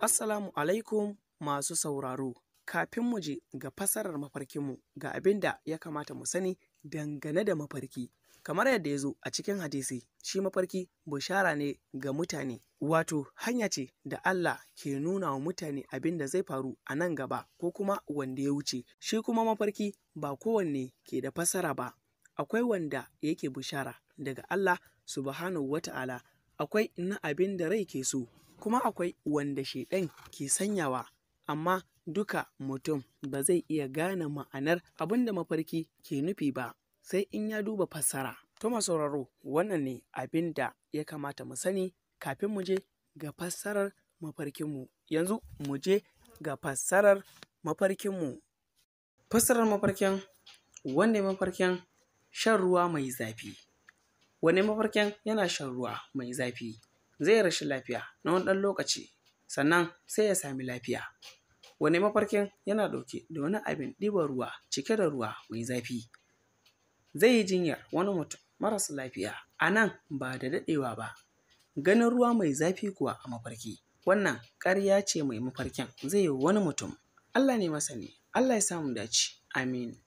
Assalamu alaikum masu sauraro, kafin mu je ga fasarar mafarkinmu ga abin da ya kamata mu sani dangane da mafarki. Kamar yadda ya zo a cikin hadisi, shi mafarki bushara ne ga mutane, wato hanya ce da Allah ke nuna wa mutane abin da zai faru a nan gaba ko kuma wanda ya wuce. Shi kuma mafarki ba kowanne ke da fasara ba, akwai wanda yake bushara daga Allah subhanahu Ta'ala? akwai na abin da rai ke so kuma akwai wanda shaiɗan ke sanyawa amma duka mutum ba zai iya gane ma'anar abin da mafarki ke nufi ba sai in ya duba fassara to sauraro wannan ne abin da ya kamata mu sani kafin mu je ga fassarar mafarkinmu yanzu mu je ga fassarar mafarkinmu fassarar mafarkin wanda mafarkin shan ruwa mai zafi wani mafarkin yana shan ruwa mai zafi zai rashi lafiya na wani ɗan lokaci sannan sai ya sami lafiya wani mafarkin yana ɗauke da wani abin ɗiba ruwa cike da ruwa mai zafi zai yi jinyar wani mutum marasa lafiya a nan ba da daɗewa ba ganin ruwa mai zafi kuwa a mafarki wannan ƙarya ce mai mafarkin zai yi wani mutum allah ne masani allah ya samu dace amin